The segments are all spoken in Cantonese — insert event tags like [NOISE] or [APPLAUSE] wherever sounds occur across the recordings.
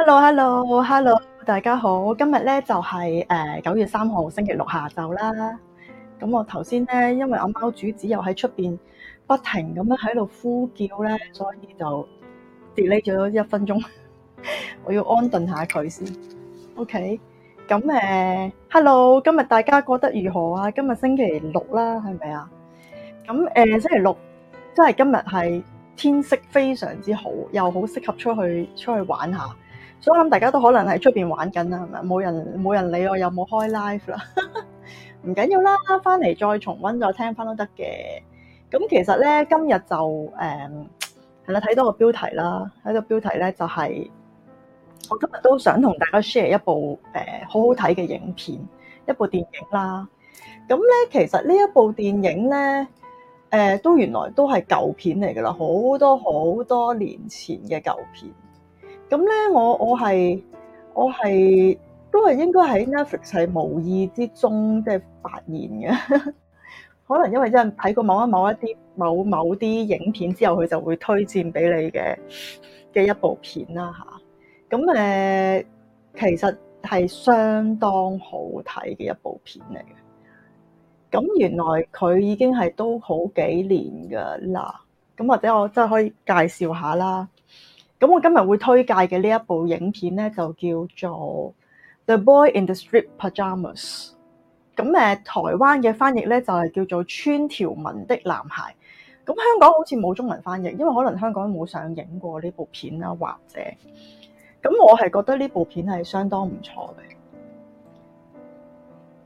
Hello，Hello，Hello，hello, hello, 大家好。今日呢、就是呃、9日咧就係誒九月三號星期六下晝啦。咁我頭先咧，因為我貓主子又喺出邊不停咁樣喺度呼叫咧，所以就 delay 咗一分鐘。 [LAUGHS] 我要安頓下佢先。OK，咁誒、呃、，Hello，今日大家過得如何啊？今日星期六啦，係咪啊？咁誒、呃，星期六即係今日係天色非常之好，又好適合出去出去玩下。所以我諗大家都可能喺出邊玩緊啦，係咪？冇人冇人理我有冇開 live 啦，唔緊要啦，翻嚟再重温再聽翻都得嘅。咁其實咧，今日就誒係啦，睇、嗯、多個標題啦，睇個標題咧就係、是、我今日都想同大家 share 一部誒、呃、好好睇嘅影片，一部電影啦。咁咧其實呢一部電影咧誒、呃、都原來都係舊片嚟㗎啦，好多好多年前嘅舊片。咁咧，我係我係我係都係應該喺 Netflix 係無意之中即係發現嘅。可能因為真係睇過某一某一啲某某啲影片之後，佢就會推薦俾你嘅嘅一部片啦。吓，咁誒，其實係相當好睇嘅一部片嚟嘅。咁原來佢已經係都好幾年噶啦。咁或者我真係可以介紹一下啦。咁我今日會推介嘅呢一部影片咧，就叫做《The Boy in the Striped Pyjamas》。咁誒，台灣嘅翻譯咧就係叫做《穿條紋的男孩》。咁香港好似冇中文翻譯，因為可能香港冇上映過呢部片啦，或者咁我係覺得呢部片係相當唔錯嘅。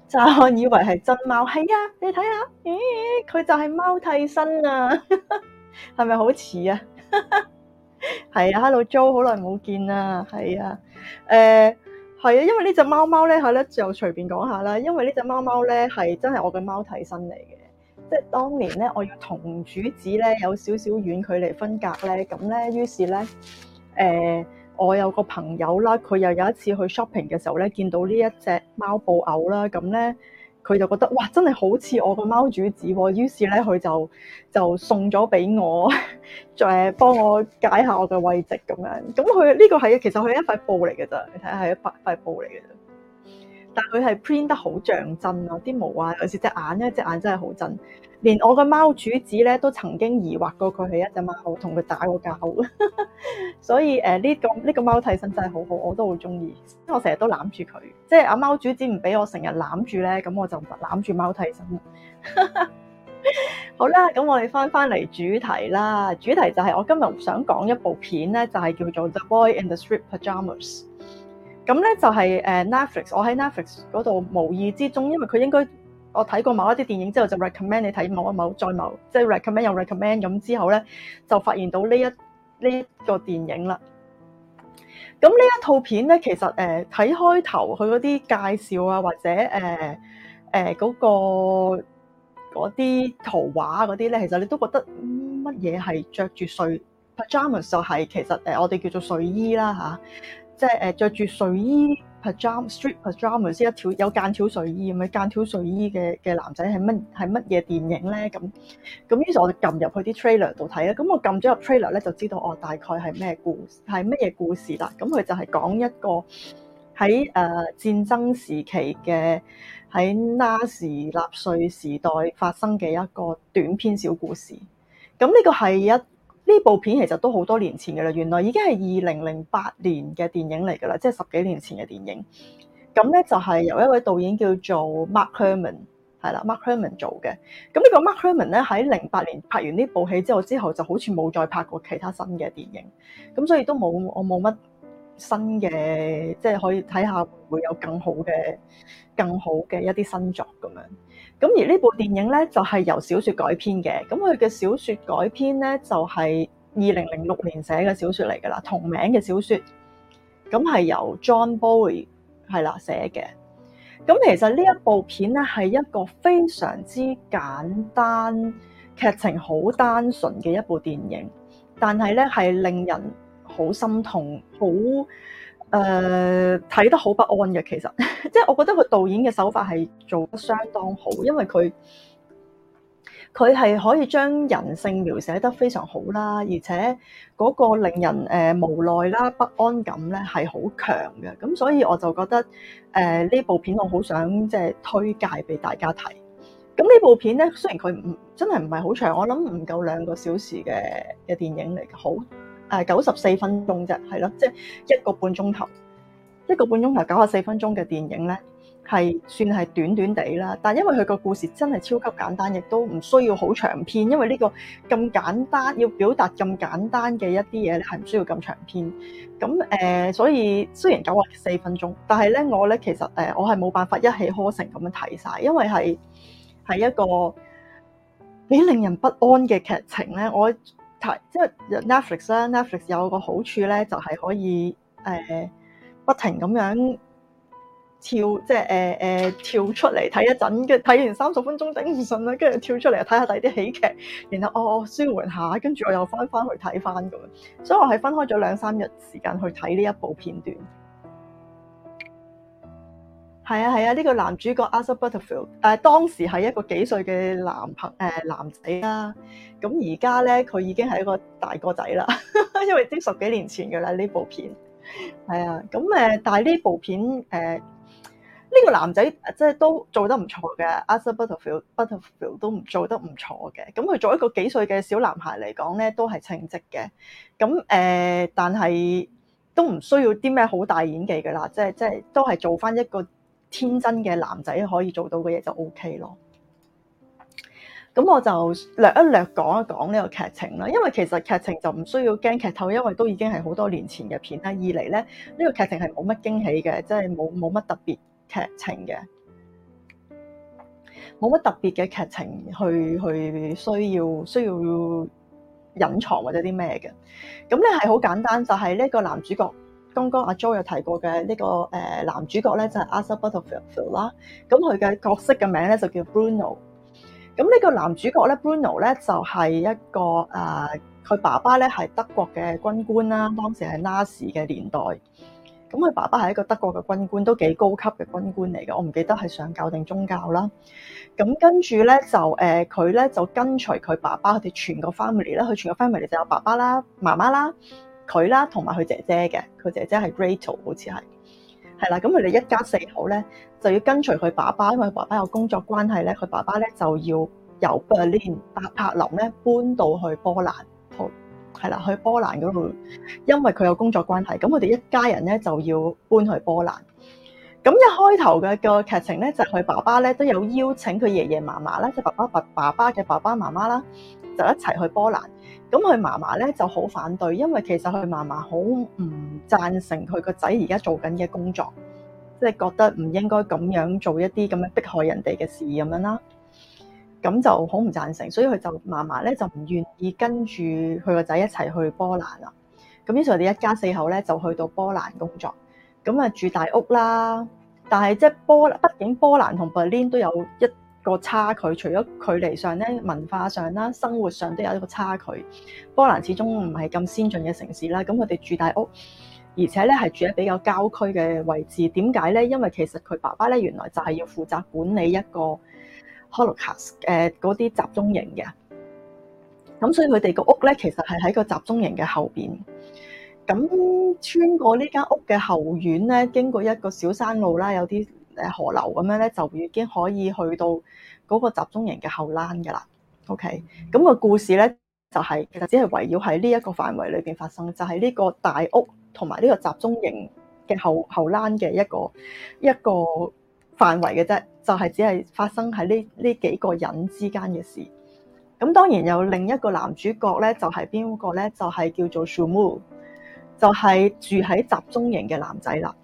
乍看以為係真貓，係啊，你睇下，咦、欸，佢就係貓替身啊，係咪好似啊？係啊，Hello Joe，好耐冇見啦，係啊，誒、呃，係啊，因為這隻貓貓呢隻貓貓咧，吓咧、啊、就隨便講下啦，因為這隻貓貓呢隻貓貓咧係真係我嘅貓替身嚟嘅，即係當年咧我要同主子咧有少少遠距離分隔咧，咁咧於是咧，誒、呃，我有個朋友啦，佢又有一次去 shopping 嘅時候咧，見到呢一隻貓布偶啦，咁咧。佢就覺得哇，真係好似我個貓主子喎、哦，於是咧佢就就送咗俾我，再 [LAUGHS] 幫我解下我嘅位置咁樣。咁佢呢個係其實佢係一塊布嚟嘅啫，你睇下係一塊布嚟嘅啫。但佢係 print 得好像真啊。啲毛啊，尤其是隻眼咧，隻眼真係好真。連我個貓主子咧都曾經疑惑過佢係一隻貓，同佢打過架嘅， [LAUGHS] 所以誒、呢、呢個呢、呢個貓替身真係好好，我都好中意，因為我成日都攬住佢，即係阿貓主子唔俾我成日攬住咧，咁我就攬住貓替身。 [LAUGHS] 好啦，咁我哋翻返嚟主題啦，主題就係我今日想講一部片咧，就係、係、叫做 The Boy in the Striped Pyjamas。咁咧就係誒 Netflix，我喺 Netflix 嗰度無意之中，因為佢應該，我睇過某一啲電影之後就 recommend 你睇某一某再某，即係 recommend 又 recommend 咁之後咧，就發現到呢一呢、呢個電影啦。咁呢一套片咧，其實誒睇、呃、開頭佢嗰啲介紹啊，或者誒誒嗰個嗰啲圖畫嗰啲咧，其實你都覺得乜嘢係着住睡 pyjamas 就係、是、其實誒、呃、我哋叫做睡衣啦嚇，即係誒著住睡衣。Pajama striped pajamas，即係一條有間條睡衣咁嘅間條睡衣嘅嘅男仔係乜係乜嘢電影咧？咁咁於是我就撳入去啲 trailer 度睇啦。咁我撳咗入 trailer 咧，就知道哦大概係咩故事，係乜嘢故事啦。咁佢就係講一個喺誒、呃、戰爭時期嘅喺納時納粹時代發生嘅一個短篇小故事。咁呢個係一。呢部片其實都好多年前嘅啦，原來已經係二零零八年嘅電影嚟噶啦，即係十幾年前嘅電影。咁咧就係由一位導演叫做 Mark Herman 係啦，Mark Herman 做嘅。咁呢個 Mark Herman 咧喺零八年拍完呢部戲之後，之後就好似冇再拍過其他新嘅電影。咁所以都冇我冇乜新嘅，即係可以睇下會唔會有更好嘅、更好嘅一啲新作咁樣。咁而呢部電影咧就係、是、由小說改編嘅，咁佢嘅小說改編咧就係二零零六年寫嘅小說嚟噶啦，同名嘅小說，咁係由 John Boyne 係啦寫嘅，咁其實呢一部片咧係一個非常之簡單，劇情好單純嘅一部電影，但係咧係令人好心痛好。很誒、呃，睇得好不安嘅，其實，即 [LAUGHS] 係我覺得佢導演嘅手法係做得相當好，因為佢佢係可以將人性描寫得非常好啦，而且嗰個令人誒無奈啦、不安感咧係好強嘅，咁所以我就覺得誒呢、呃、部片我好想即係推介俾大家睇。咁呢部片咧，雖然佢唔真係唔係好長，我諗唔夠兩個小時嘅嘅電影嚟嘅，好。係九十四分鐘啫，係咯，即係一個半鐘頭，一個半鐘頭九十四分鐘嘅電影咧，係算係短短地啦。但因為佢個故事真係超級簡單，亦都唔需要好長篇，因為呢個咁簡單要表達咁簡單嘅一啲嘢咧，係唔需要咁長篇。咁誒，所以雖然九十四分鐘，但係咧我咧其實誒，我係冇辦法一氣呵成咁樣睇晒，因為係係一個幾令人不安嘅劇情咧，我。即係 Netflix 啦，Netflix 有個好處咧，就係可以誒不停咁樣跳，即係誒誒跳出嚟睇一陣，跟住睇完三十分鐘頂唔順啦，跟住跳出嚟又睇下第啲喜劇，然後哦舒緩下，跟住我又翻翻去睇翻咁樣，所以我係分開咗兩三日時間去睇呢一部片段。係啊係啊，呢、啊呢個男主角 Asa Butterfield，誒當時係一個幾歲嘅男朋誒男仔啦。咁而家咧，佢已經係一個大個仔啦，因為已經十幾年前嘅啦呢部片。係、呃、啊，咁誒，但係呢部片誒，呢個男仔即係都做得唔錯嘅。 [MUSIC] Asa Butterfield Butterfield 都唔做得唔錯嘅。咁佢做一個幾歲嘅小男孩嚟講咧，都係稱職嘅。咁但係都唔需要啲咩好大的演技嘅啦。即係即係都係做翻一個。天真嘅男仔可以做到嘅嘢就 OK 咯。咁我就略一略講一講呢個劇情啦，因為其實劇情就唔需要驚劇透，因為都已經係好多年前嘅片啦。二嚟咧，呢個劇情係冇乜驚喜嘅，即係冇冇乜特別劇情嘅，冇乜特別嘅劇情去去需要需要隱藏或者啲咩嘅。咁咧係好簡單，就係呢個男主角。剛剛阿 Jo 有提過嘅呢個誒男主角咧就係 Asa Butterfield 啦，咁佢嘅角色嘅名咧就叫 Bruno。咁呢個男主角咧、就是、Bruno 咧就係、是、一個誒佢、呃、爸爸咧係德國嘅軍官啦，當時係納粹嘅年代。咁佢爸爸係一個德國嘅軍官，都幾高級嘅軍官嚟嘅，我唔記得係上校定中校啦。咁跟住咧就誒佢咧就跟隨佢爸爸，佢哋全個 family 啦，佢全個 family 就有爸爸啦、媽媽啦。佢啦，同埋佢姐姐嘅，佢姐姐係 Rachel，好似係，係啦。咁佢哋一家四口咧，就要跟隨佢爸爸，因為佢爸爸有工作關係咧，佢爸爸咧就要由百柏林咧搬到去波蘭，係啦，去波蘭嗰度。因為佢有工作關係，咁佢哋一家人咧就要搬去波蘭。咁一開頭嘅個劇情咧，就係佢爸爸咧都有邀請佢爺爺嫲嫲啦，即係爸爸爸爸爸嘅爸爸媽媽啦。就一齊去波蘭，咁佢嫲嫲咧就好反對，因為其實佢嫲嫲好唔贊成佢個仔而家做緊嘅工作，即係覺得唔應該咁樣做一啲咁樣迫害人哋嘅事咁樣啦，咁就好唔贊成，所以佢就嫲嫲咧就唔願意跟住佢個仔一齊去波蘭啦。咁於是佢哋一家四口咧就去到波蘭工作，咁啊住大屋啦，但係即係波畢竟波蘭同 Berlin 都有一個差距，除咗距離上咧、文化上啦、生活上都有一個差距。波蘭始終唔係咁先進嘅城市啦，咁佢哋住大屋，而且咧係住喺比較郊區嘅位置。點解咧？因為其實佢爸爸咧原來就係要負責管理一個 Holocaust，誒嗰啲集中營嘅。咁所以佢哋個屋咧其實係喺個集中營嘅後邊。咁穿過呢間屋嘅後院咧，經過一個小山路啦，有啲。誒，河流咁樣咧，就已經可以去到嗰個集中營嘅後欄噶啦。OK，咁個故事咧就係、是、其實只係圍繞喺呢一個範圍裏邊發生，就係、是、呢個大屋同埋呢個集中營嘅後後欄嘅一個一個範圍嘅啫，就係、是、只係發生喺呢呢幾個人之間嘅事。咁當然有另一個男主角咧，就係邊個咧？就係、是、叫做 Shmuel 就係住喺集中營嘅男仔啦。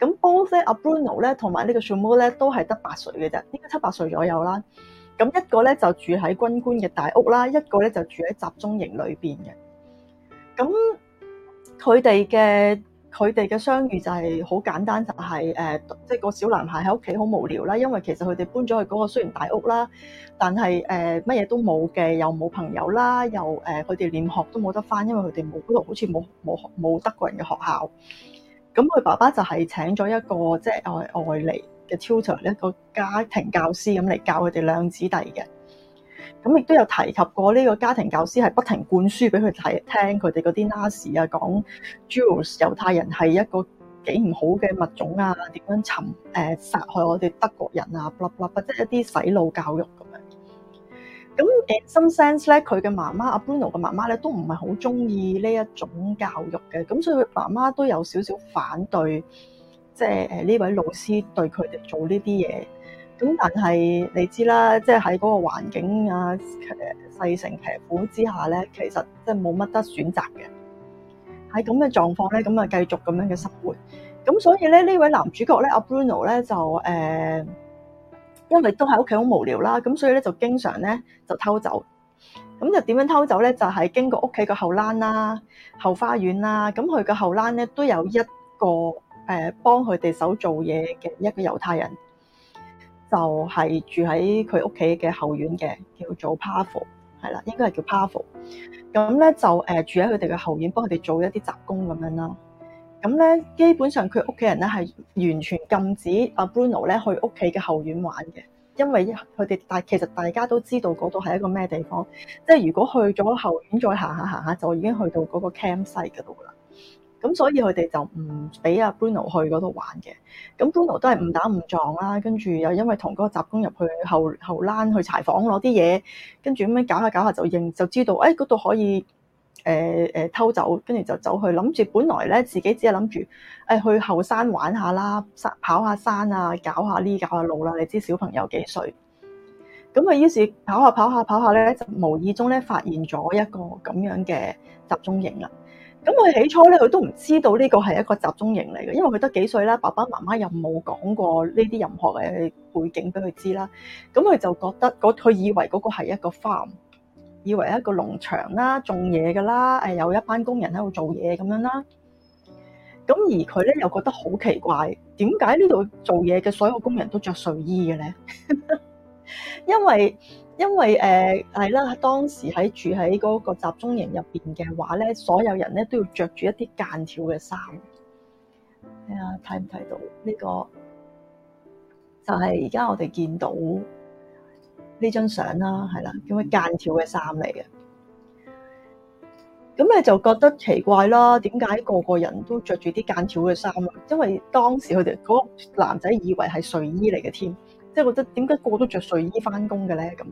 咁 Both 咧，阿 Bruno 咧，同埋呢個 Shumo 咧，都係得八歲嘅啫，應該七八歲左右啦。咁一個咧就住喺軍官嘅大屋啦，一個咧就住喺集中營裏邊嘅。咁佢哋嘅佢哋嘅相遇就係好簡單，就係誒，即係個小男孩喺屋企好無聊啦。因為其實佢哋搬咗去嗰個雖然大屋啦，但係誒乜嘢都冇嘅，又冇朋友啦，又誒佢哋連學都冇得返，因為佢哋冇度好似冇冇冇德國人嘅學校。咁佢爸爸就係請咗一個即係、就是、外外嚟嘅 tutor，一個家庭教師咁嚟教佢哋兩姊弟嘅。咁亦都有提及過呢個家庭教師係不停灌輸俾佢睇聽佢哋嗰啲納粹啊，講 Jews 猶太人係一個幾唔好嘅物種啊，點樣尋誒殺害我哋德國人啊，卜啦，或、就、者、是、一啲洗腦教育。咁誒，some sense 咧，佢嘅媽媽阿 Bruno 嘅媽媽咧，都唔係好中意呢一種教育嘅，咁所以佢媽媽都有少少反對，即係誒呢位老師對佢哋做呢啲嘢。咁但係你知啦，即係喺嗰個環境啊，勢成騎虎之下咧，其實即係冇乜得選擇嘅。喺咁嘅狀況咧，咁啊繼續咁樣嘅生活。咁所以咧，呢位男主角咧，阿 Bruno 咧就誒。呃因為都喺屋企好無聊啦，咁所以咧就經常咧就偷走，咁就點樣偷走咧？就係、是、經過屋企個後欄啦、後花園啦，咁佢個後欄咧都有一個誒幫佢哋手做嘢嘅一個猶太人，就係、是、住喺佢屋企嘅後院嘅，叫做 Pavlo，係啦，應該係叫 Pavlo。咁咧就誒住喺佢哋嘅後院，幫佢哋做一啲雜工咁樣啦。咁咧，基本上佢屋企人咧係完全禁止阿 Bruno 咧去屋企嘅後院玩嘅，因為佢哋大其實大家都知道嗰度係一個咩地方，即係如果去咗後院再行下行下，就已經去到嗰個 campsite 嗰度啦。咁所以佢哋就唔俾阿 Bruno 去嗰度玩嘅。咁 Bruno 都係誤打誤撞啦，跟住又因為同嗰個雜工入去後後欄去柴房攞啲嘢，跟住咁樣搞下搞下就認就知道，誒嗰度可以。誒、欸、誒、欸、偷走，跟住就走去諗住，本來咧自己只係諗住誒去後山玩下啦，山跑下山啊，搞下呢，搞下路啦。你知小朋友幾歲，咁啊，於是跑下跑下跑下咧，就無意中咧發現咗一個咁樣嘅集中營啦。咁佢起初咧，佢都唔知道呢個係一個集中營嚟嘅，因為佢得幾歲啦，爸爸媽媽又冇講過呢啲任何嘅背景俾佢知啦。咁佢就覺得佢以為嗰個係一個 farm。以為一個農場啦，種嘢㗎啦，誒有一班工人喺度做嘢咁樣啦。咁而佢咧又覺得好奇怪，點解呢度做嘢嘅所有工人都着睡衣嘅咧？ [LAUGHS] 因為因為誒係啦，當時喺住喺嗰個集中營入邊嘅話咧，所有人咧都要着住一啲間條嘅衫。係啊，睇唔睇到呢個？就係而家我哋見到。呢張相啦，係啦，咁嘅間條嘅衫嚟嘅，咁咧就覺得奇怪咯。點解個個人都着住啲間條嘅衫？因為當時佢哋嗰男仔以為係睡衣嚟嘅添，即係覺得點解個個都着睡衣翻工嘅咧？咁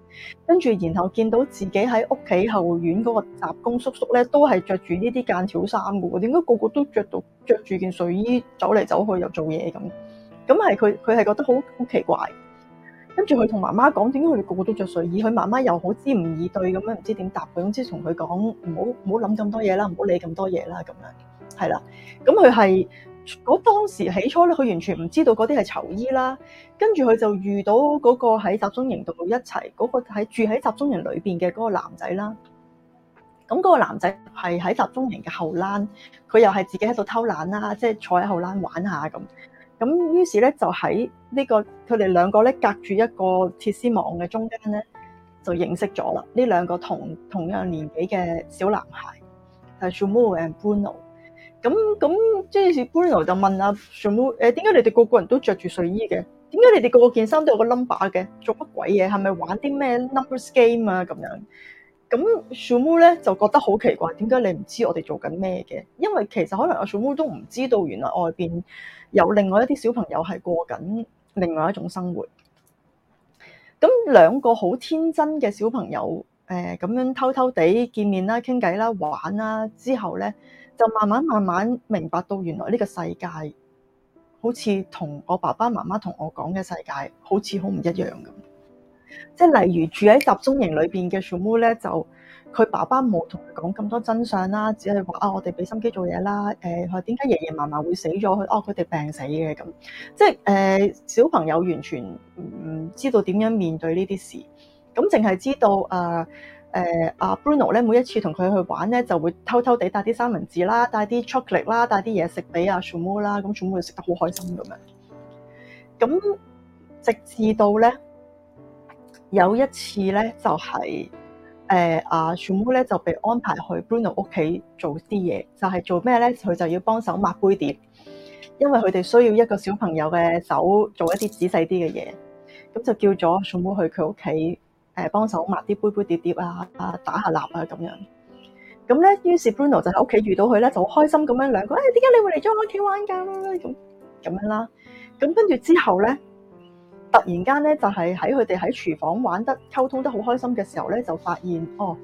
跟住，然後見到自己喺屋企後院嗰個雜工叔叔咧，都係着住呢啲間條衫嘅喎。點解個個都着到著住件睡衣走嚟走去又做嘢咁？咁係佢佢係覺得好好奇怪。跟住佢同媽媽講，點解佢哋個個都着睡衣？佢媽媽又好知唔以對咁樣，唔知點答佢。總之同佢講唔好唔好諗咁多嘢啦，唔好理咁多嘢啦。咁樣係啦。咁佢係嗰當時起初咧，佢完全唔知道嗰啲係囚衣啦。跟住佢就遇到嗰個喺集中營度一齊嗰、嗰個喺住喺集中營裏面嘅嗰個男仔啦。咁、嗰、嗰個男仔係喺集中營嘅後欄，佢又係自己喺度偷懶啦，即、就、係、是、坐喺後欄玩，玩下咁。咁於是咧就喺呢個佢哋兩個咧隔住一個鐵絲網嘅中間咧就認識咗啦。呢兩個同同樣年紀嘅小男孩，係 Shmuel and Bruno。咁咁於是 Bruno 就問啊 Shmuel 誒點解你哋個個人都着住睡衣嘅？點解你哋個個件衫都有個 number 嘅？做乜鬼嘢？係咪玩啲咩 number game 啊？咁樣？咁小穆咧就覺得好奇怪，點解你唔知我哋做緊咩嘅？因為其實可能阿小穆都唔知道，原來外邊有另外一啲小朋友係過緊另外一種生活。咁兩個好天真嘅小朋友，呃咁樣偷偷地見面啦、傾偈啦、玩啦，之後咧就慢慢慢慢明白到，原來呢個世界好似同我爸爸媽媽同我講嘅世界，好似好唔一樣咁。即係例如住喺集中營裏邊嘅小穆咧，就佢爸爸冇同佢講咁多真相啦，只係話啊，我哋俾心機做嘢啦，誒、呃，佢點解爺爺嫲嫲會死咗？佢、啊、哦，佢哋病死嘅咁，即係誒、呃，小朋友完全唔知道點樣面對呢啲事，咁淨係知道啊，誒、呃，阿、呃、Bruno 咧每一次同佢去玩咧，就會偷偷地帶啲三文治啦，帶啲 chocolate 啦，帶啲嘢食俾阿小穆啦，咁小穆食得好開心咁樣，咁直至到咧。有一次咧，就係、是、誒、欸、啊，Shmuel 咧就被安排去 Bruno 屋企做啲嘢，就係、是、做咩咧？佢就要幫手抹杯碟，因為佢哋需要一個小朋友嘅手做一啲仔細啲嘅嘢。咁就叫咗 Shmuel 去佢屋企誒幫手抹啲杯杯碟碟啊，啊打下蠟啊咁樣。咁咧，於是 Bruno 就喺屋企遇到佢咧，就好開心咁樣兩個誒，點、哎、解你會嚟咗我屋企玩㗎？咁咁樣啦。咁跟住之後咧。突然間咧，就係喺佢哋喺廚房玩得溝通得好開心嘅時候咧，就發現哦，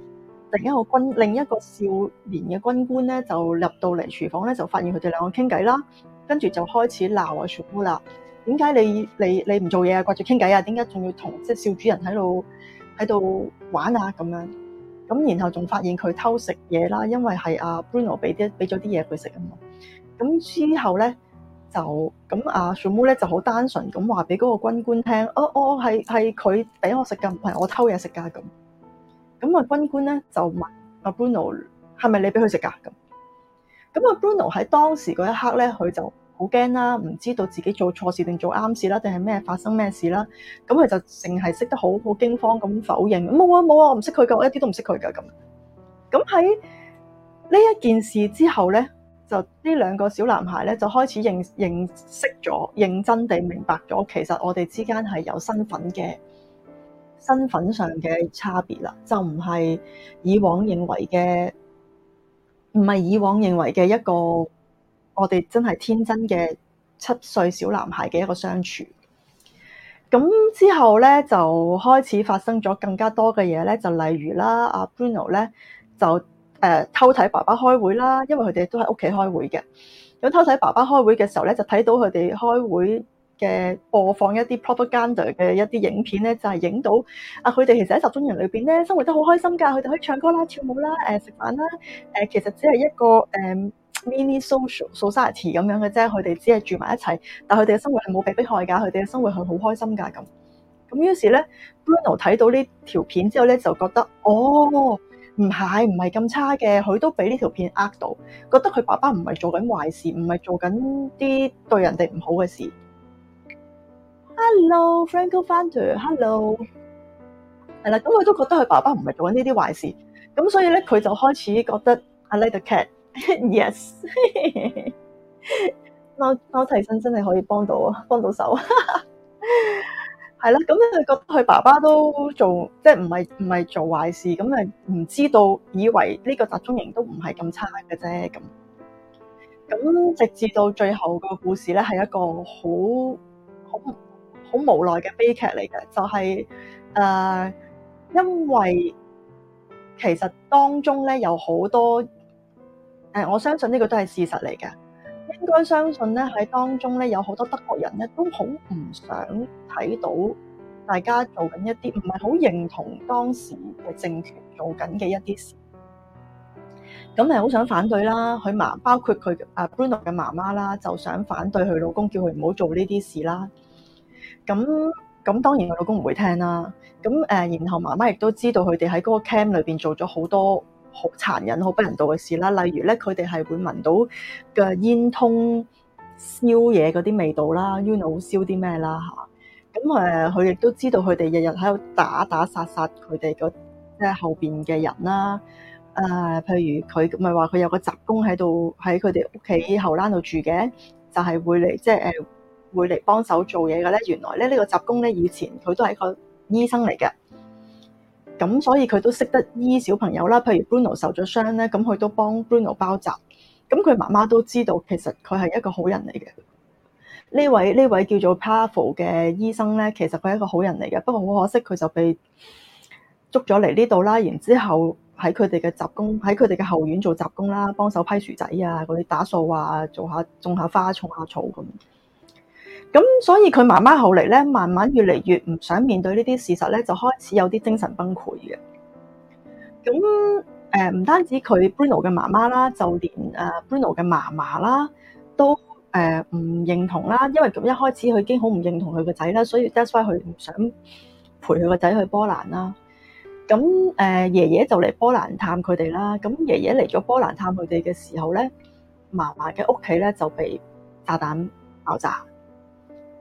突然間一個軍另一個少年嘅軍官咧，就入到嚟廚房咧，就發現佢哋兩個傾偈啦，跟住就開始鬧阿雪姑啦。點解你你你唔做嘢啊，掛住傾偈啊？點解仲要同即係少主人喺度喺度玩啊？咁樣咁，然後仲發現佢偷食嘢啦，因為係阿 Bruno 俾啲俾咗啲嘢佢食啊嘛。咁之後咧。就咁阿小妹咧就好單純咁話俾嗰個軍官聽，哦，哦，係係佢俾我食噶，唔係我偷嘢食噶咁。咁啊，軍官咧就問阿、啊、Bruno 係咪你俾佢食噶？咁咁阿 Bruno 喺當時嗰一刻咧，佢就好驚啦，唔知道自己做錯事定做啱事啦，定係咩發生咩事啦？咁佢就淨係識得好好驚慌咁否認，冇啊冇啊，我唔識佢噶，我一啲都唔識佢噶咁。咁喺呢一件事之後咧。就呢兩個小男孩咧，就開始認認識咗，認真地明白咗，其實我哋之間係有身份嘅，身份上嘅差別啦，就唔係以往認為嘅，唔係以往認為嘅一個我哋真係天真嘅七歲小男孩嘅一個相處。咁之後咧，就開始發生咗更加多嘅嘢咧，就例如啦、啊，阿 Bruno 咧就。誒偷睇爸爸開會啦，因為佢哋都喺屋企開會嘅。咁偷睇爸爸開會嘅時候咧，就睇到佢哋開會嘅播放一啲 propaganda 嘅一啲影片咧，就係、是、影到啊！佢哋其實喺集中營裏邊咧，生活得好開心噶。佢哋可以唱歌啦、跳舞啦、誒食飯啦。誒其實只係一個誒、um, mini social society 咁樣嘅啫。佢哋只係住埋一齊，但佢哋嘅生活係冇被迫害㗎。佢哋嘅生活係好開心㗎咁。咁於是咧，Bruno 睇到呢條片之後咧，就覺得哦。唔係，唔係咁差嘅，佢都俾呢條片呃到，覺得佢爸爸唔係做緊壞事，唔係做緊啲對人哋唔好嘅事。Hello, Franco Fanta，Hello，係啦，咁佢都覺得佢爸爸唔係做緊呢啲壞事，咁所以咧佢就開始覺得。I like the cat [LAUGHS] yes. [LAUGHS] Yes，貓貓替身真係可以幫到，幫到手。 [LAUGHS] 係啦，咁佢哋覺得佢爸爸都做，即係唔係唔係做壞事，咁啊唔知道，以為呢個集中營都唔係咁差嘅啫。咁咁直至到最後個故事咧，係一個好好好無奈嘅悲劇嚟嘅，就係、是、誒、呃，因為其實當中咧有好多誒、呃，我相信呢個都係事實嚟嘅。應該相信咧喺當中咧有好多德國人咧都好唔想睇到大家做緊一啲唔係好認同當時嘅政權做緊嘅一啲事，咁係好想反對啦。佢媽，包括佢嘅阿 Bruno 嘅媽媽啦，就想反對佢老公叫佢唔好做呢啲事啦。咁咁當然佢老公唔會聽啦。咁誒、呃，然後媽媽亦都知道佢哋喺嗰個 camp 裏邊做咗好多，好殘忍、好不人道嘅事啦，例如咧，佢哋係會聞到嘅煙通燒嘢嗰啲味道啦，you know, 燒啲咩啦嚇？咁誒，佢亦都知道佢哋日日喺度打打殺殺佢哋個即係後邊嘅人啦。誒，譬如佢咪係話佢有個雜工喺度喺佢哋屋企後欄度住嘅，就係、是、會嚟即係誒會嚟幫手做嘢嘅咧。原來咧呢個雜工咧以前佢都係個醫生嚟嘅。咁所以佢都識得醫小朋友啦。譬如 Bruno 受咗傷咧，咁佢都幫 Bruno 包紮。咁佢媽媽都知道其實佢係一個好人嚟嘅，呢位呢位叫做 Pavel 嘅醫生咧，其實佢係一個好人嚟嘅。不過好可惜佢就被捉咗嚟呢度啦。然之後喺佢哋嘅雜工喺佢哋嘅後院做雜工啦，幫手批薯仔啊，嗰啲打掃啊，做下種下花，種下草咁。咁所以佢媽媽後嚟咧，慢慢越嚟越唔想面對呢啲事實咧，就開始有啲精神崩潰嘅。咁誒，唔單止佢 Bruno 嘅媽媽啦，就連誒 Bruno 嘅嫲嫲啦，都誒唔認同啦。因為咁一開始佢已經好唔認同佢個仔啦，所以 that's why 佢唔想陪佢個仔去波蘭啦。咁誒，爺爺就嚟波蘭探佢哋啦。咁爺爺嚟咗波蘭探佢哋嘅時候咧，嫲嫲嘅屋企咧就被炸彈爆炸。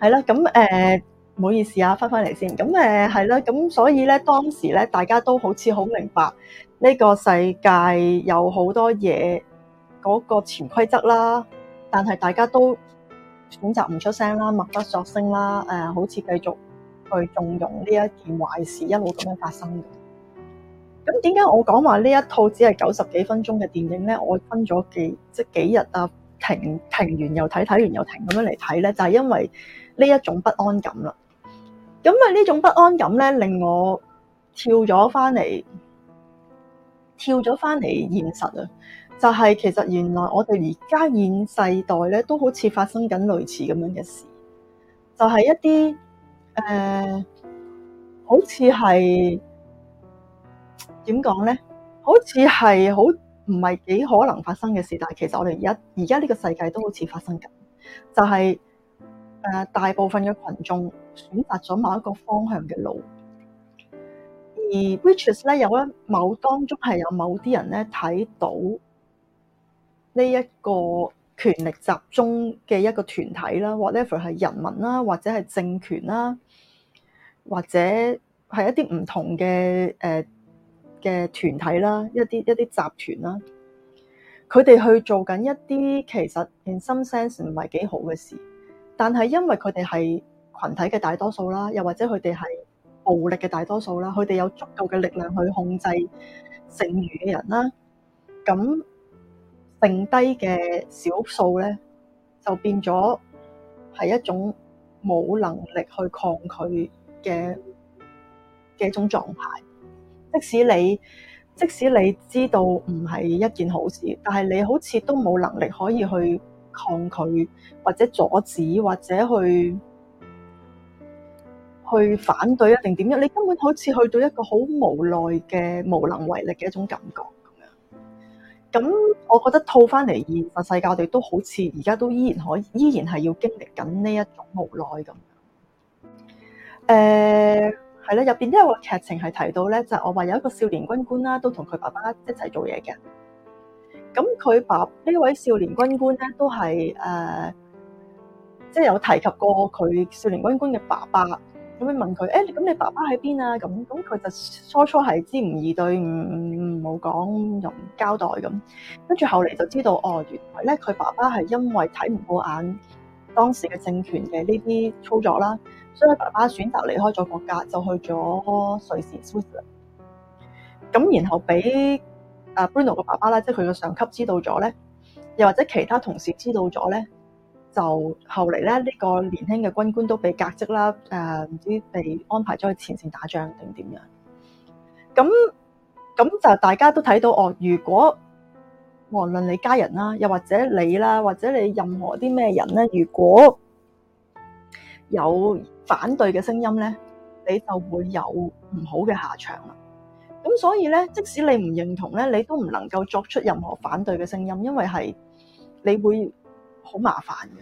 係啦，咁誒唔好意思啊，翻翻嚟先，咁誒係啦，咁所以咧當時咧大家都好似好明白呢個世界有好多嘢嗰個潛規則啦，但係大家都選擇唔出聲啦，默不作聲啦，誒好似繼續去縱容呢一件壞事一路咁樣發生嘅。咁點解我講話呢一套只係九十幾分鐘嘅電影咧，我分咗幾即幾日啊，停停完又睇，睇完又停咁樣嚟睇咧，就係因為。呢一種不安感啦，咁啊呢種不安感咧，令我跳咗翻嚟，跳咗翻嚟現實啊！就係、是、其實原來我哋而家現世代咧，都好似發生緊類似咁樣嘅事，就係、是、一啲誒、呃，好似係點講咧？好似係好唔係幾可能發生嘅事，但係其實我哋而家而家呢個世界都好似發生緊，就係、是。誒，大部分嘅群眾選擇咗某一個方向嘅路，而 whiches 咧，有一某當中係有某啲人咧，睇到呢一個權力集中嘅一個團體啦，whatever 係人民啦，或者係政權啦，或者係一啲唔同嘅誒嘅團體啦，一啲一啲集團啦，佢哋去做緊一啲其實 in some sense 唔係幾好嘅事。但係，因為佢哋係群體嘅大多數啦，又或者佢哋係暴力嘅大多數啦，佢哋有足夠嘅力量去控制剩餘嘅人啦。咁剩低嘅少數呢，就變咗係一種冇能力去抗拒嘅嘅一種狀態。即使你即使你知道唔係一件好事，但係你好似都冇能力可以去。抗拒或者阻止或者去去反對一定點樣？你根本好似去到一個好無奈嘅、無能為力嘅一種感覺咁樣。咁，我覺得套翻嚟現實世界，我哋都好似而家都依然可以，依然係要經歷緊呢一種無奈咁樣。誒、呃，係啦，入邊，因為個劇情係提到咧，就係、我話有一個少年軍官啦、啊，都同佢爸爸一齊做嘢嘅。咁佢爸呢位少年軍官咧，都係誒，即、呃、係、就是、有提及過佢少年軍官嘅爸爸。咁樣問佢：誒、欸，咁你爸爸喺邊啊？咁咁佢就初初係知唔易對唔冇講，又唔交代咁。跟住後嚟就知道，哦，原來咧佢爸爸係因為睇唔過眼當時嘅政權嘅呢啲操作啦，所以爸爸選擇離開咗國家，就去咗瑞士 Switzerland 咁然後俾。啊，Bruno 嘅爸爸啦，即係佢嘅上級知道咗咧，又或者其他同事知道咗咧，就後嚟咧，呢個年輕嘅軍官都被革職啦，誒唔知被安排咗去前線打仗定點樣？咁咁就大家都睇到，哦，如果無論你家人啦，又或者你啦，或者你任何啲咩人咧，如果有反對嘅聲音咧，你就會有唔好嘅下場啦。咁所以咧，即使你唔認同咧，你都唔能夠作出任何反對嘅聲音，因為係你會好麻煩嘅。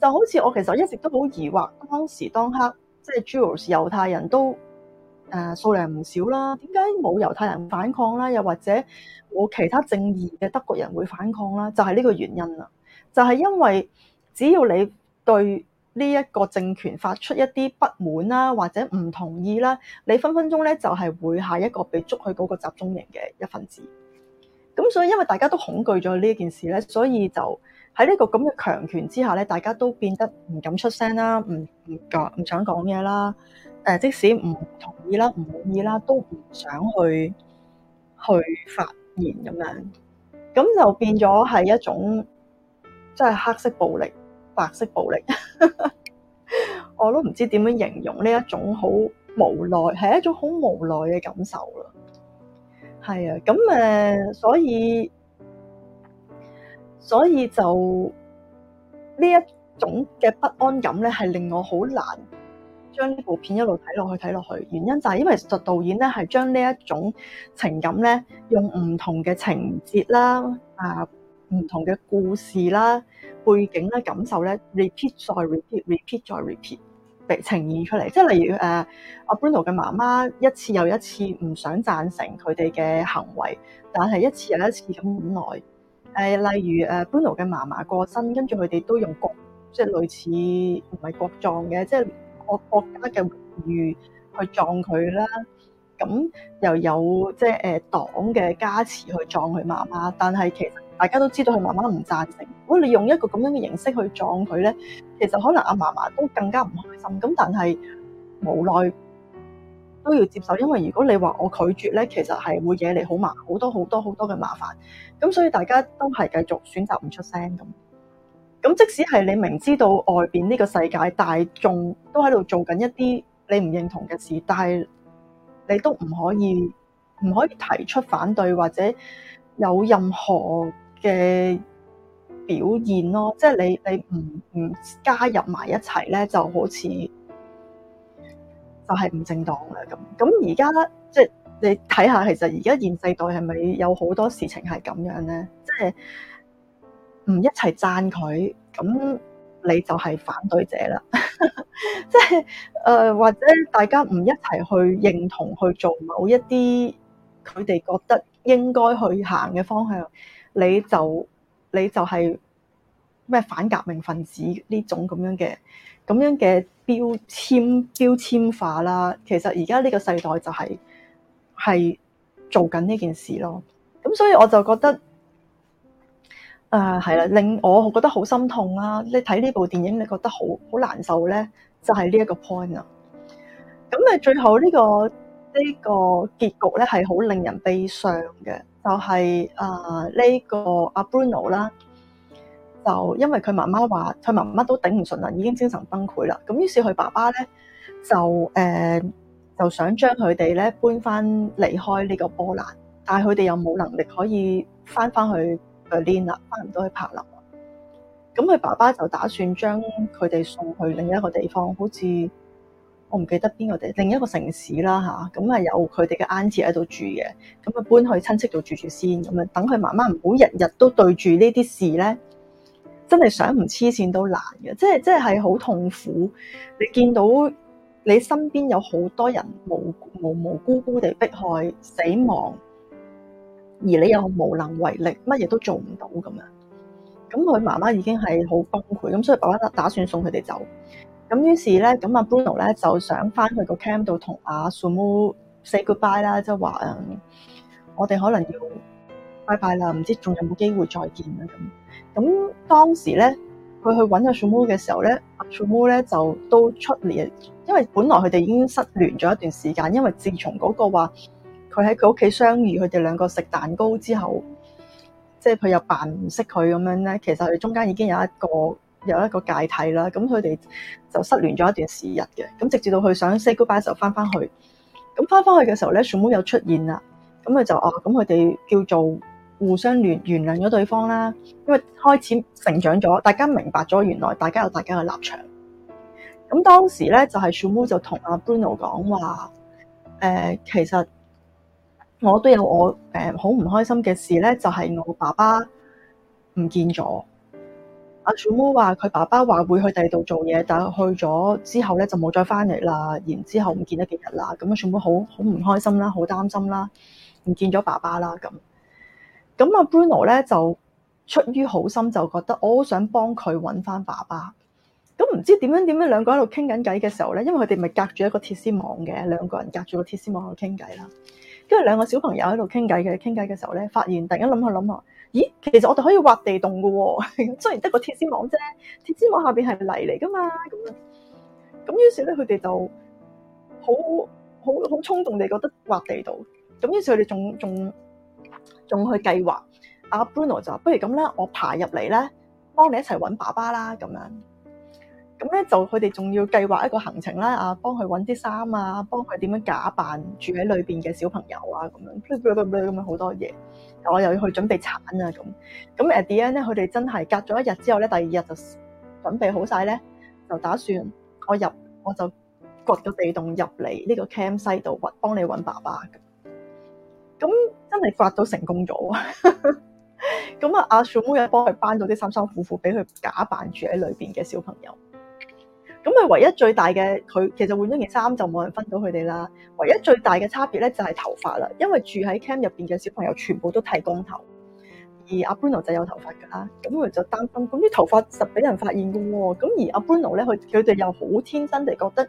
就好似我其實一直都好疑惑，當時當刻即係 Jews 猶太人都誒數量唔少啦，點解冇猶太人反抗啦？又或者冇其他正義嘅德國人會反抗啦？就係、是、呢個原因啦，就係、是、因為只要你對呢一個政權發出一啲不滿啦，或者唔同意啦，你分分鐘咧就係會下一個被捉去嗰個集中營嘅一份子。咁所以因為大家都恐懼咗呢一件事咧，所以就喺呢個咁嘅強權之下咧，大家都變得唔敢出聲啦，唔講唔想講嘢啦。誒，即使唔同意啦、唔滿意啦，都唔想去去發言咁樣，咁就變咗係一種即係黑色暴力。白色暴力， [LAUGHS] 我都唔知點樣形容呢一種好無奈，係一種好無奈嘅感受啦。係啊，咁誒，所以所以就呢一種嘅不安感咧，係令我好難將呢部片一路睇落去睇落去。原因就係因為實導演咧係將呢一種情感咧，用唔同嘅情節啦，啊，唔同嘅故事啦。背景咧、感受咧，repeat 再 repeat、repeat 再 repeat，呈現出嚟。即係例如誒阿、啊、Bruno 嘅媽媽一次又一次唔想贊成佢哋嘅行為，但係一次又一次咁忍耐。誒、啊、例如誒 Bruno 嘅媽媽過身，跟住佢哋都用國即係、就是、類似唔係國葬嘅，即係國國家嘅榮譽去葬佢啦。咁又有即係誒黨嘅加持去葬佢媽媽，但係其實。大家都知道佢媽媽唔贊成，如果你用一個咁樣嘅形式去撞佢咧，其實可能阿嫲嫲都更加唔開心。咁但係無奈都要接受，因為如果你話我拒絕咧，其實係會惹嚟好麻好多好多好多嘅麻煩。咁所以大家都係繼續選擇唔出聲咁。咁即使係你明知道外邊呢個世界大眾都喺度做緊一啲你唔認同嘅事，但係你都唔可以唔可以提出反對或者有任何嘅表現咯，即係你你唔唔加入埋一齊咧，就好似就係唔正當啦咁。咁而家咧，即係你睇下，其實而家現世代係咪有好多事情係咁樣咧？即係唔一齊贊佢，咁你就係反對者啦。即係誒，或者大家唔一齊去認同去做某一啲佢哋覺得應該去行嘅方向。你就你就係、是、咩反革命分子呢種咁樣嘅咁樣嘅標籤標籤化啦，其實而家呢個世代就係、是、係做緊呢件事咯，咁所以我就覺得誒係啦，令我覺得好心痛啦、啊，你睇呢部電影你覺得好好難受咧，就係呢一個 point 啦，咁啊最後呢、這個。呢、這個結局咧係好令人悲傷嘅，就係啊呢個阿 Bruno 啦，就因為佢媽媽話佢媽媽都頂唔順啦，已經精神崩潰啦。咁於是佢爸爸咧就、呃、就想將佢哋咧搬翻離開呢個波蘭，但係佢哋又冇能力可以翻翻去 Berlin 啦，翻唔到去柏林。咁佢爸爸就打算將佢哋送去另一個地方，好似。我唔記得邊個地，另一個城市啦吓，咁啊有佢哋嘅安置喺度住嘅，咁啊搬去親戚度住住先，咁啊等佢媽媽唔好日日都對住呢啲事咧，真係想唔黐線都難嘅，即係即係係好痛苦。你見到你身邊有好多人無無無辜辜地迫害死亡，而你又無能為力，乜嘢都做唔到咁樣，咁佢媽媽已經係好崩潰，咁所以爸爸打算送佢哋走。咁於是咧，咁阿 Bruno 咧就想翻去個 camp 度同阿 Sumo say goodbye 啦，即係話誒，我哋可能要拜拜啦，唔知仲有冇機會再見啦咁。咁當時咧，佢去揾阿 Sumo 嘅時候咧，阿、啊、Sumo 咧就都出嚟，因為本來佢哋已經失聯咗一段時間，因為自從嗰個話佢喺佢屋企相遇，佢哋兩個食蛋糕之後，即係佢又扮唔識佢咁樣咧，其實佢哋中間已經有一個。有一個界體啦，咁佢哋就失聯咗一段時日嘅，咁直至到佢想 say goodbye 嘅時候翻翻去，咁翻翻去嘅時候咧，小穆又出現啦，咁佢就啊，咁佢哋叫做互相原原諒咗對方啦，因為開始成長咗，大家明白咗原來大家有大家嘅立場，咁當時咧就係小穆就同阿 Bruno 講話，誒、呃、其實我都有我誒好唔開心嘅事咧，就係、是、我爸爸唔見咗。阿小妹話佢爸爸話會去第二度做嘢，但係去咗之後咧就冇再翻嚟啦，然之後唔見得幾日啦，咁阿小妹好好唔開心啦，好擔心啦，唔見咗爸爸啦咁。咁阿 Bruno 咧就出於好心，就覺得我好想幫佢揾翻爸爸。咁唔知點樣點樣，兩個喺度傾緊偈嘅時候咧，因為佢哋咪隔住一個鐵絲網嘅，兩個人隔住個鐵絲網喺度傾偈啦。跟住兩個小朋友喺度傾偈嘅傾偈嘅時候咧，發現突然間諗下諗下。咦，其實我哋可以挖地洞噶喎，雖然得個鐵絲網啫，鐵絲網下邊係泥嚟噶嘛，咁樣，咁於是咧佢哋就好好好衝動地覺得挖地道。咁於是佢哋仲仲仲去計劃，阿 Bruno 就話不如咁啦，我爬入嚟咧，幫你一齊揾爸爸啦，咁樣。咁咧就佢哋仲要計劃一個行程啦，啊，幫佢揾啲衫啊，幫佢點樣假扮住喺裏邊嘅小朋友啊，咁樣咁樣好多嘢。我又要去準備鏟啊，咁咁 at the end 咧，佢哋真係隔咗一日之後咧，第二日就準備好晒咧，就打算我入我就掘個地洞入嚟呢個 camp site 度揾幫你揾爸爸。咁真係掘到成功咗喎！咁 [LAUGHS] 啊，阿小妹又幫佢班咗啲衫衫褲褲俾佢假扮住喺裏邊嘅小朋友。咁佢唯一最大嘅佢，其實換咗件衫就冇人分到佢哋啦。唯一最大嘅差別咧就係頭髮啦，因為住喺 camp 入邊嘅小朋友全部都剃光頭，而阿 Bruno 就有頭髮噶啦。咁佢就擔心，咁啲頭髮實俾人發現嘅喎。咁而阿 Bruno 咧，佢佢哋又好天真地覺得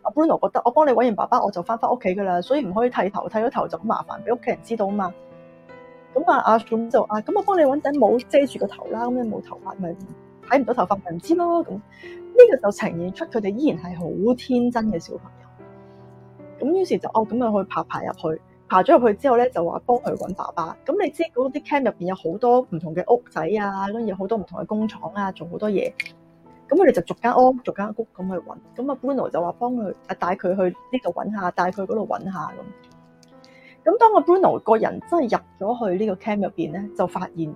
阿 Bruno 覺得我幫你揾完爸爸，我就翻返屋企噶啦，所以唔可以剃頭，剃咗頭就好麻煩，俾屋企人知道啊嘛。咁啊，阿鼠就啊，咁我幫你揾頂帽遮住個頭啦，咁樣冇頭髮咪。睇唔到頭髮咪唔知咯，咁呢個就呈現出佢哋依然係好天真嘅小朋友。咁於是就哦，咁樣去爬爬入去，爬咗入去之後咧，就話幫佢揾爸爸。咁你知嗰啲 camp 入邊有好多唔同嘅屋仔啊，跟住有好多唔同嘅工廠啊，做好多嘢。咁佢哋就逐間屋逐間屋咁去揾。咁阿 Bruno 就話幫佢啊，帶佢去呢度揾下，帶佢嗰度揾下咁。咁當阿 Bruno 個人真係入咗去呢個 camp 入邊咧，就發現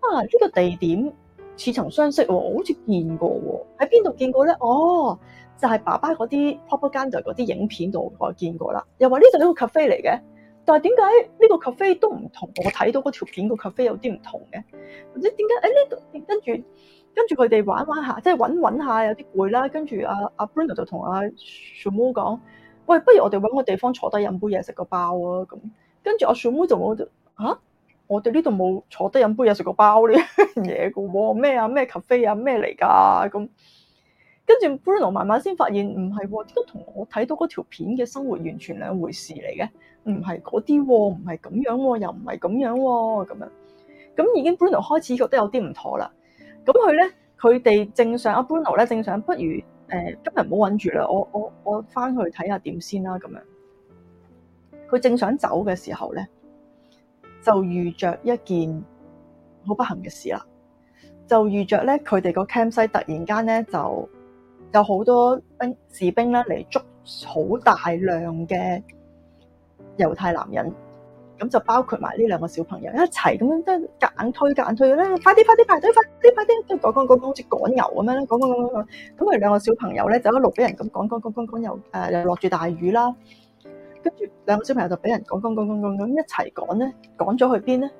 啊呢個地點似曾相識喎，哦、我好似見過喎、哦，喺邊度見過咧？哦，就係、是、爸爸嗰啲 propaganda，就係嗰啲影片度我見過啦。又話呢度呢個 cafe 嚟嘅，但係點解呢個 cafe 都唔同我睇到嗰條片個 cafe 有啲唔同嘅？或者點解？誒呢度跟住跟住佢哋玩玩下，即係揾揾下有啲攰啦。跟住阿阿 Bruno 就同阿 Shmuel 講：喂，不如我哋揾個地方坐低飲杯嘢食個包啊咁。跟住阿 Shmuel 就話：啊！我哋呢度冇坐低飲杯嘢食個包呢嘢嘅喎，咩啊咩咖啡啊咩嚟㗎咁？跟住 Bruno 慢慢先發現唔係喎，點解同我睇到嗰條片嘅生活完全兩回事嚟嘅？唔係嗰啲喎，唔係咁樣喎、哦，又唔係咁樣喎、哦，咁樣咁已經 Bruno 開始覺得有啲唔妥啦。咁佢咧佢哋正想阿 Bruno 咧正想，正想不如、呃、今日唔好揾住啦，我我我翻去睇下點先啦咁樣。佢正想走嘅時候咧。就遇着一件好不幸嘅事啦！就遇着咧，佢哋個 camp 西突然間咧就有好多兵士兵啦，嚟捉好大量嘅猶太男人，咁就包括埋呢兩個小朋友一齊咁樣，即係夾硬推夾硬推咧，快啲快啲排隊，快啲快啲，即係講講講講好似趕牛咁樣咧，講講講講講，咁佢兩個小朋友咧就一路俾人咁講講講講講又誒又落住大雨啦。跟住兩個小朋友就俾人趕趕趕趕趕趕，一齊趕咧，趕咗去邊咧？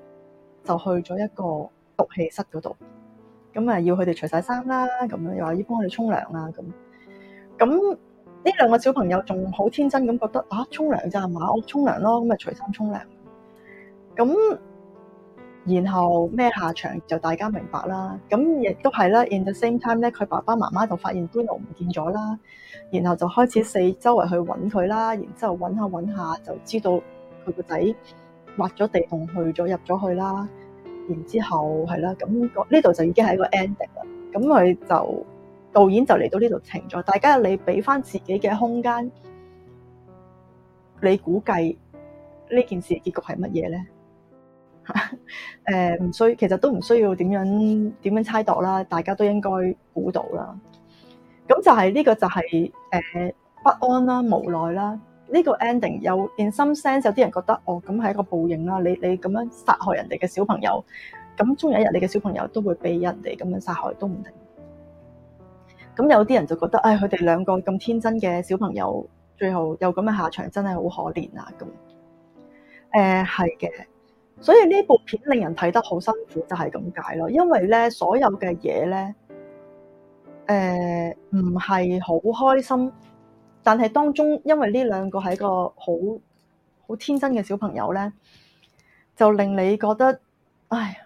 就去咗一個毒氣室嗰度。咁啊，要佢哋除晒衫啦，咁樣又話要幫佢哋沖涼啦，咁。咁呢兩個小朋友仲好天真咁覺得啊，沖涼咋嘛？我沖涼咯，咁啊，除衫沖涼。咁。然後咩下場就大家明白啦。咁亦都係啦。In the same time 咧，佢爸爸媽媽就發現 Bruno 唔見咗啦。然後就開始四周圍去揾佢啦。然之後揾下揾下，就知道佢個仔挖咗地洞，去咗入咗去啦。然後之後係啦，咁呢度就已經係一個 ending 啦。咁佢就導演就嚟到呢度停咗。大家你俾翻自己嘅空間，你估計呢件事嘅結局係乜嘢咧？誒， [LAUGHS] 唔需其實都唔需要點樣點樣猜度啦，大家都應該估到啦。咁就係、是、呢、這個就係、是、誒、呃、不安啦，無奈啦。呢、這個 ending 有 in some sense 有啲人覺得哦，咁係一個報應啦。你你咁樣殺害人哋嘅小朋友，咁終有一日你嘅小朋友都會俾人哋咁樣殺害，都唔定。咁有啲人就覺得誒，佢哋兩個咁天真嘅小朋友，最後又咁嘅下場，真係好可憐啊。咁誒係嘅。呃所以呢部片令人睇得好辛苦，就係咁解咯。因為咧，所有嘅嘢咧，誒唔係好開心，但係當中因為呢兩個係一個好好天真嘅小朋友咧，就令你覺得，唉，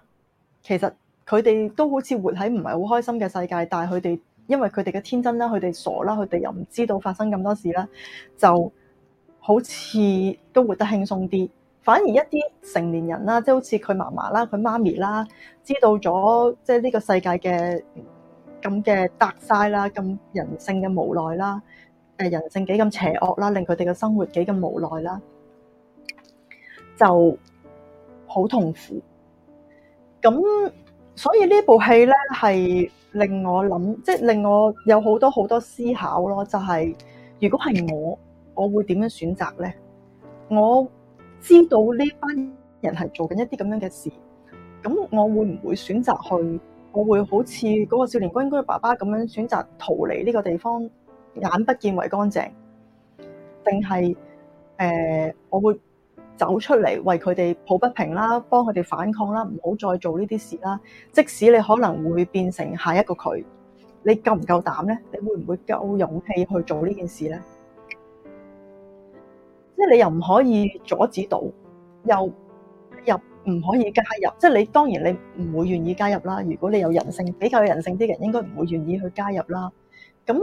其實佢哋都好似活喺唔係好開心嘅世界，但係佢哋因為佢哋嘅天真啦，佢哋傻啦，佢哋又唔知道發生咁多事啦，就好似都活得輕鬆啲。反而一啲成年人啦，即、就、係、是、好似佢嫲嫲啦，佢媽咪啦，知道咗即係呢個世界嘅咁嘅黑暗啦，咁人性嘅無奈啦，誒人性幾咁邪惡啦，令佢哋嘅生活幾咁無奈啦，就好痛苦。咁所以這部戲呢部戲咧係令我諗，即係令我有好多好多思考咯。就係、是、如果係我，我會點樣選擇咧？我。知道呢班人係做緊一啲咁樣嘅事，咁我會唔會選擇去？我會好似嗰個少年軍官爸爸咁樣選擇逃離呢個地方，眼不見為乾淨，定係誒，我會走出嚟為佢哋抱不平啦，幫佢哋反抗啦，唔好再做呢啲事啦。即使你可能會變成下一個佢，你夠唔夠膽呢？你會唔會夠勇氣去做呢件事呢？即係你又唔可以阻止到，又又唔可以加入。即係你當然你唔會願意加入啦。如果你有人性，比較有人性啲嘅人，應該唔會願意去加入啦。咁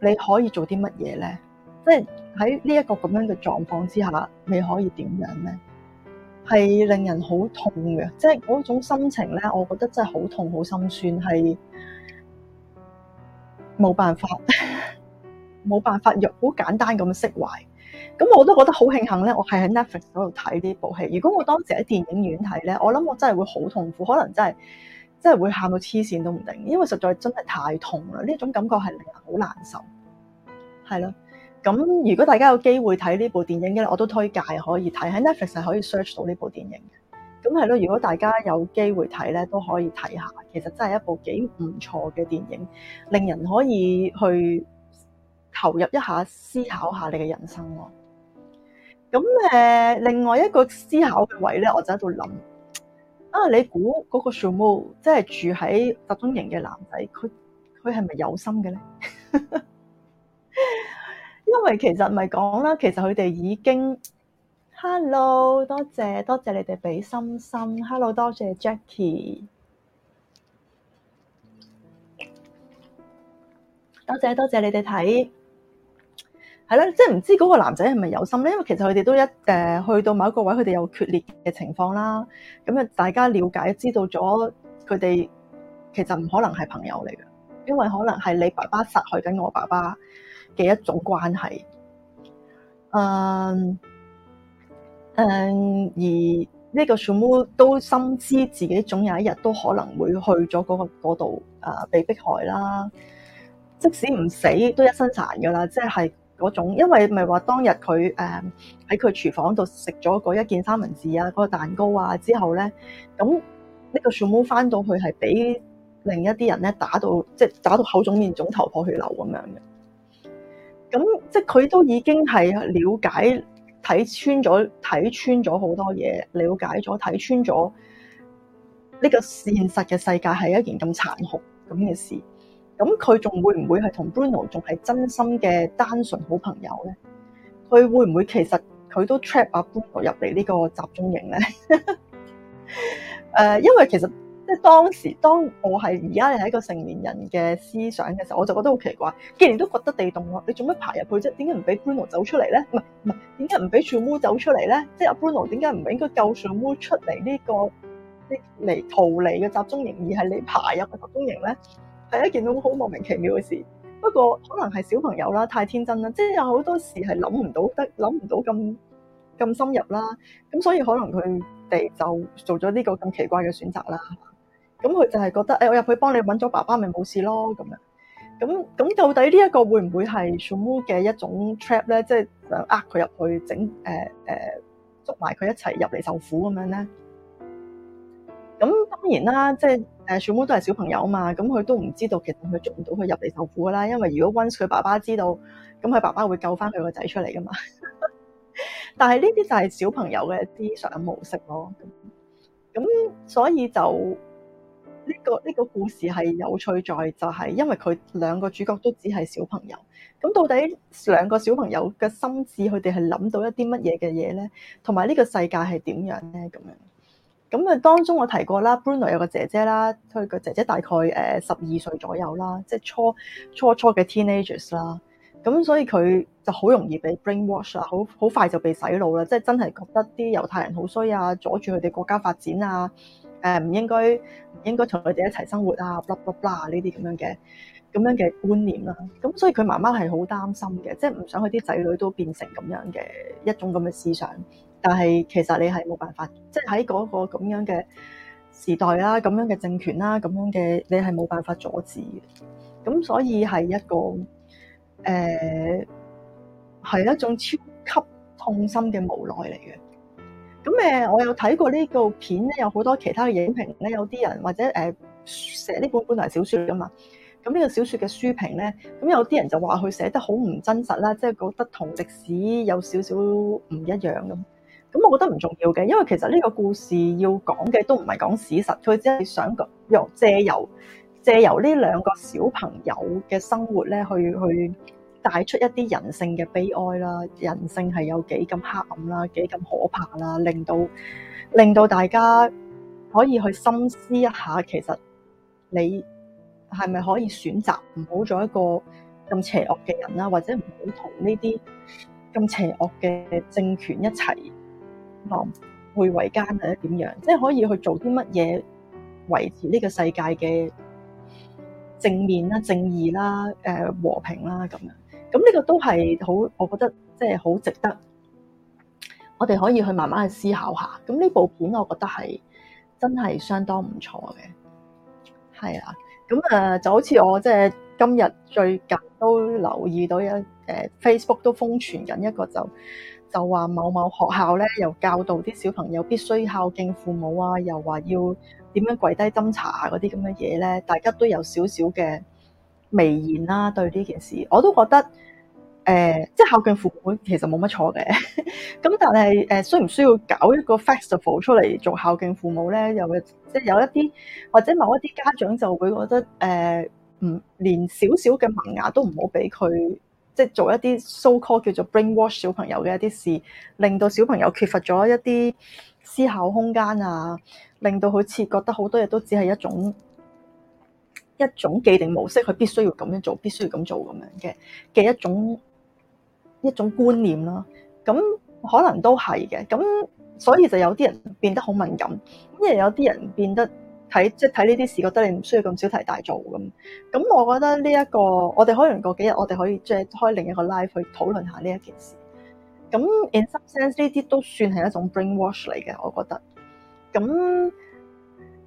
你可以做啲乜嘢咧？即係喺呢一個咁樣嘅狀況之下，你可以點樣咧？係令人好痛嘅，即係嗰種心情咧，我覺得真係好痛好心酸，係冇辦法，冇 [LAUGHS] 辦法若好簡單咁釋懷。咁我都覺得好慶幸咧，我係喺 Netflix 嗰度睇呢部戲。如果我當時喺電影院睇咧，我諗我真係會好痛苦，可能真係真係會喊到黐線都唔定。因為實在真係太痛啦，呢種感覺係令人好難受。係咯，咁如果大家有機會睇呢部電影嘅，我都推介可以睇。喺 Netflix 係可以 search 到呢部電影嘅。咁係咯，如果大家有機會睇咧，都可以睇下。其實真係一部幾唔錯嘅電影，令人可以去投入一下思考下你嘅人生咯。咁誒另外一個思考嘅位咧，我就喺度諗啊！你估嗰個樹木即係住喺集中營嘅男仔，佢佢係咪有心嘅咧？ [LAUGHS] 因為其實咪講啦，其實佢哋已經。Hello，多謝多謝你哋俾心心。Hello，多謝 Jacky。多謝多謝你哋睇。係啦，即係唔知嗰個男仔係咪有心咧？因為其實佢哋都一誒去到某一個位，佢哋有決裂嘅情況啦。咁啊，大家了解知道咗佢哋其實唔可能係朋友嚟嘅，因為可能係你爸爸殺害緊我爸爸嘅一種關係。嗯誒、嗯，而呢個小穆都深知自己總有一日都可能會去咗嗰度啊，被迫害啦。即使唔死都一身殘㗎啦，即係。種，嗰因為咪話當日佢誒喺佢廚房度食咗嗰一件三文治啊，嗰、嗰個蛋糕啊之後咧，咁呢個 Shmuel 翻到去係俾另一啲人咧打到，即係打到口腫面腫頭破血流咁樣嘅。咁即係佢都已經係了解、睇穿咗、睇穿咗好多嘢，了解咗、睇穿咗呢個現實嘅世界係一件咁殘酷咁嘅事。咁佢仲會唔會係同 Bruno 仲係真心嘅單純好朋友咧？佢會唔會其實佢都 trap 阿 Bruno 入嚟呢個集中營咧、 [LAUGHS] 呃？因為其實即係當時當我係而家你係一個成年人嘅思想嘅時候，我就覺得好奇怪，既然都掘得地洞咯，你做咩爬入去啫？點解唔俾 Bruno 走出嚟咧？唔係唔係，點解唔俾 Shmuel 走出嚟咧？即係阿 Bruno 點解唔係應該救 Shmuel 出嚟呢、這個嚟逃離嘅集中營，而係你爬入個集中營咧？係一件都好莫名其妙嘅事，不過可能係小朋友啦，太天真啦，即係有好多時係諗唔到得，諗唔到咁咁深入啦，咁所以可能佢哋就做咗呢個咁奇怪嘅選擇啦。咁佢就係覺得，誒、哎，我入去幫你揾咗爸爸沒，咪冇事咯咁樣。咁咁到底呢一個會唔會係 Shmuel 嘅一種 trap 咧？即係呃佢入去整誒誒、呃、捉埋佢一齊入嚟受苦咁樣咧？咁當然啦，即係誒鼠 m 都係小朋友啊嘛，咁佢都唔知道其實佢捉唔到佢入嚟受苦噶啦，因為如果問佢爸爸知道，咁佢爸爸會救翻佢個仔出嚟噶嘛。 [LAUGHS] 但係呢啲就係小朋友嘅思想模式咯。咁所以就呢、呢個呢、呢個故事係有趣在就係因為佢兩個主角都只係小朋友，咁到底兩個小朋友嘅心智佢哋係諗到一啲乜嘢嘅嘢咧，同埋呢個世界係點樣咧咁樣？咁啊，當中我提過啦，Bruno 有個姐姐啦，佢個姐姐大概誒十二歲左右啦，即係初，初初初嘅 teenagers 啦。咁所以佢就好容易被 brainwash 啦，好好快就被洗腦啦，即係真係覺得啲猶太人好衰啊，阻住佢哋國家發展啊，誒唔應該唔應該同佢哋一齊生活啊，blablabla 呢啲咁樣嘅咁樣嘅觀念啦。咁所以佢媽媽係好擔心嘅，即係唔想佢啲仔女都變成咁樣嘅一種咁嘅思想。但係其實你係冇辦法，即係喺嗰個咁樣嘅時代啦，咁樣嘅政權啦，咁樣嘅你係冇辦法阻止嘅。咁所以係一個誒係、呃、一種超級痛心嘅無奈嚟嘅。咁誒，我有睇過呢個片咧，有好多其他嘅影評咧，有啲人或者誒、呃、寫呢本本來小説噶嘛。咁呢個小説嘅書評咧，咁有啲人就話佢寫得好唔真實啦，即、就、係、是、覺得同歷史有少少唔一樣咁。咁我覺得唔重要嘅，因為其實呢個故事要講嘅都唔係講事實，佢只係想用借由借由呢兩個小朋友嘅生活咧，去去帶出一啲人性嘅悲哀啦，人性係有幾咁黑暗啦，幾咁可怕啦，令到令到大家可以去深思一下，其實你係咪可以選擇唔好做一個咁邪惡嘅人啦，或者唔好同呢啲咁邪惡嘅政權一齊。狼狽為奸，或者點樣，即、就、係、是、可以去做啲乜嘢維持呢個世界嘅正面啦、正義啦、誒、呃、和平啦咁樣。咁呢個都係好，我覺得即係好值得，我哋可以去慢慢去思考下。咁呢部片，我覺得係真係相當唔錯嘅。係啊，咁誒就好似我即係、就是、今日最近都留意到一誒、呃、Facebook 都封存緊一個就。就話某某學校咧，又教導啲小朋友必須孝敬父母啊，又話要點樣跪低斟茶嗰啲咁嘅嘢咧，大家都有少少嘅微言啦、啊。對呢件事，我都覺得誒、呃，即係孝敬父母其實冇乜錯嘅。咁 [LAUGHS] 但係誒，需、呃、唔需要搞一個 festival 出嚟做孝敬父母咧？又即係有一啲或者某一啲家長就會覺得誒，唔、呃、連少少嘅萌芽都唔好俾佢。即係做一啲 so call 叫做 brainwash 小朋友嘅一啲事，令到小朋友缺乏咗一啲思考空間啊，令到好似覺得好多嘢都只係一種一種既定模式，佢必須要咁樣做，必須要咁做咁樣嘅嘅一種一種觀念啦、啊。咁可能都係嘅，咁所以就有啲人變得好敏感，因為有啲人變得。睇即係睇呢啲事，覺得你唔需要咁小題大做咁。咁我覺得呢、這、一個，我哋可能過幾日，我哋可以即係開另一個 live 去討論下呢一件事。咁 in some sense 呢啲都算係一種 brainwash 嚟嘅，我覺得。咁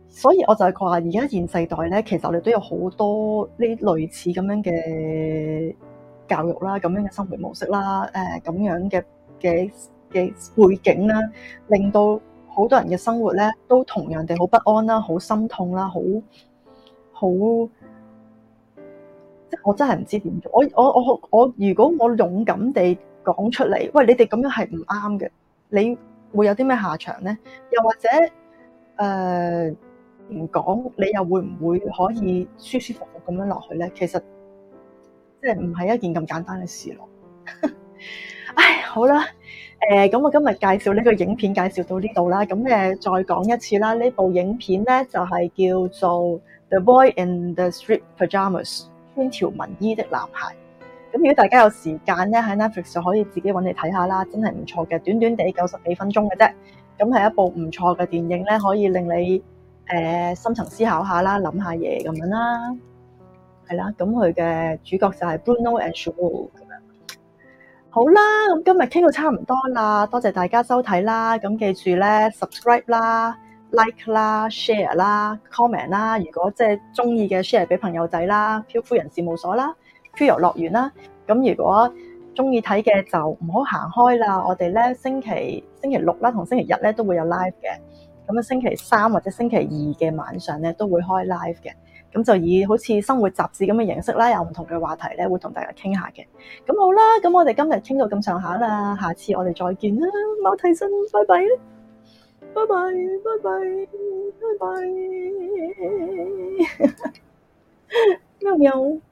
所以我就係講話而家現世代咧，其實我哋都有好多呢類似咁樣嘅教育啦、咁樣嘅生活模式啦、誒、呃、咁樣嘅嘅嘅背景啦，令到。好多人嘅生活咧，都同人哋好不安啦、啊，好心痛啦、啊，好好，即係我真係唔知點做。我我我我，如果我勇敢地講出嚟，喂，你哋咁樣係唔啱嘅，你會有啲咩下場咧？又或者誒唔講，你又會唔會可以舒舒服服咁樣落去咧？其實即係唔係一件咁簡單嘅事咯。 [LAUGHS] 唉，好啦。誒、嗯、咁，我今日介紹呢個影片，介紹到呢度啦。咁再講一次啦，呢部影片咧就係叫做《The Boy in the Striped Pyjamas》穿條紋衣的男孩。咁如果大家有時間咧，喺 Netflix 就可以自己揾嚟睇下啦，真係唔錯嘅，短短地九十幾分鐘嘅啫。咁係一部唔錯嘅電影咧，可以令你誒深層思考下啦，諗下嘢咁樣啦。係啦，咁佢嘅主角就係 Bruno and Shaw。好啦，咁今日傾到差唔多啦，多謝大家收睇啦。咁記住咧，subscribe 啦、like 啦、share 啦、comment 啦。如果即係中意嘅，share 俾朋友仔啦，漂夫人事務所啦，漂遊樂園啦。咁如果中意睇嘅就唔好行開啦。我哋咧星期星期六啦同星期日咧都會有 live 嘅。咁啊星期三或者星期二嘅晚上咧都會開 live 嘅。咁就以好似生活雜誌咁嘅形式啦，有唔同嘅話題咧，會同大家傾下嘅。咁好啦，咁我哋今日傾到咁上下啦，下次我哋再見啦，貓提身，拜拜啦，拜拜拜拜拜拜喵喵。 [LAUGHS]